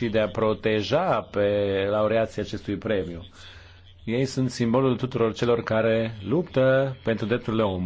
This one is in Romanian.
ci de a proteja pe laureații acestui premiu. Ei sunt simbolul tuturor celor care luptă pentru drepturile omului.